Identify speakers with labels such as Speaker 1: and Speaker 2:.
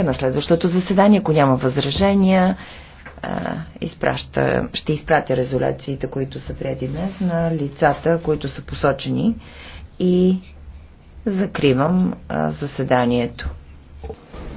Speaker 1: Ка на следващото заседание, ако няма възражения, изпраща, ще изпратя резолюциите, които са прияти днес, на лицата, които са посочени и закривам заседанието.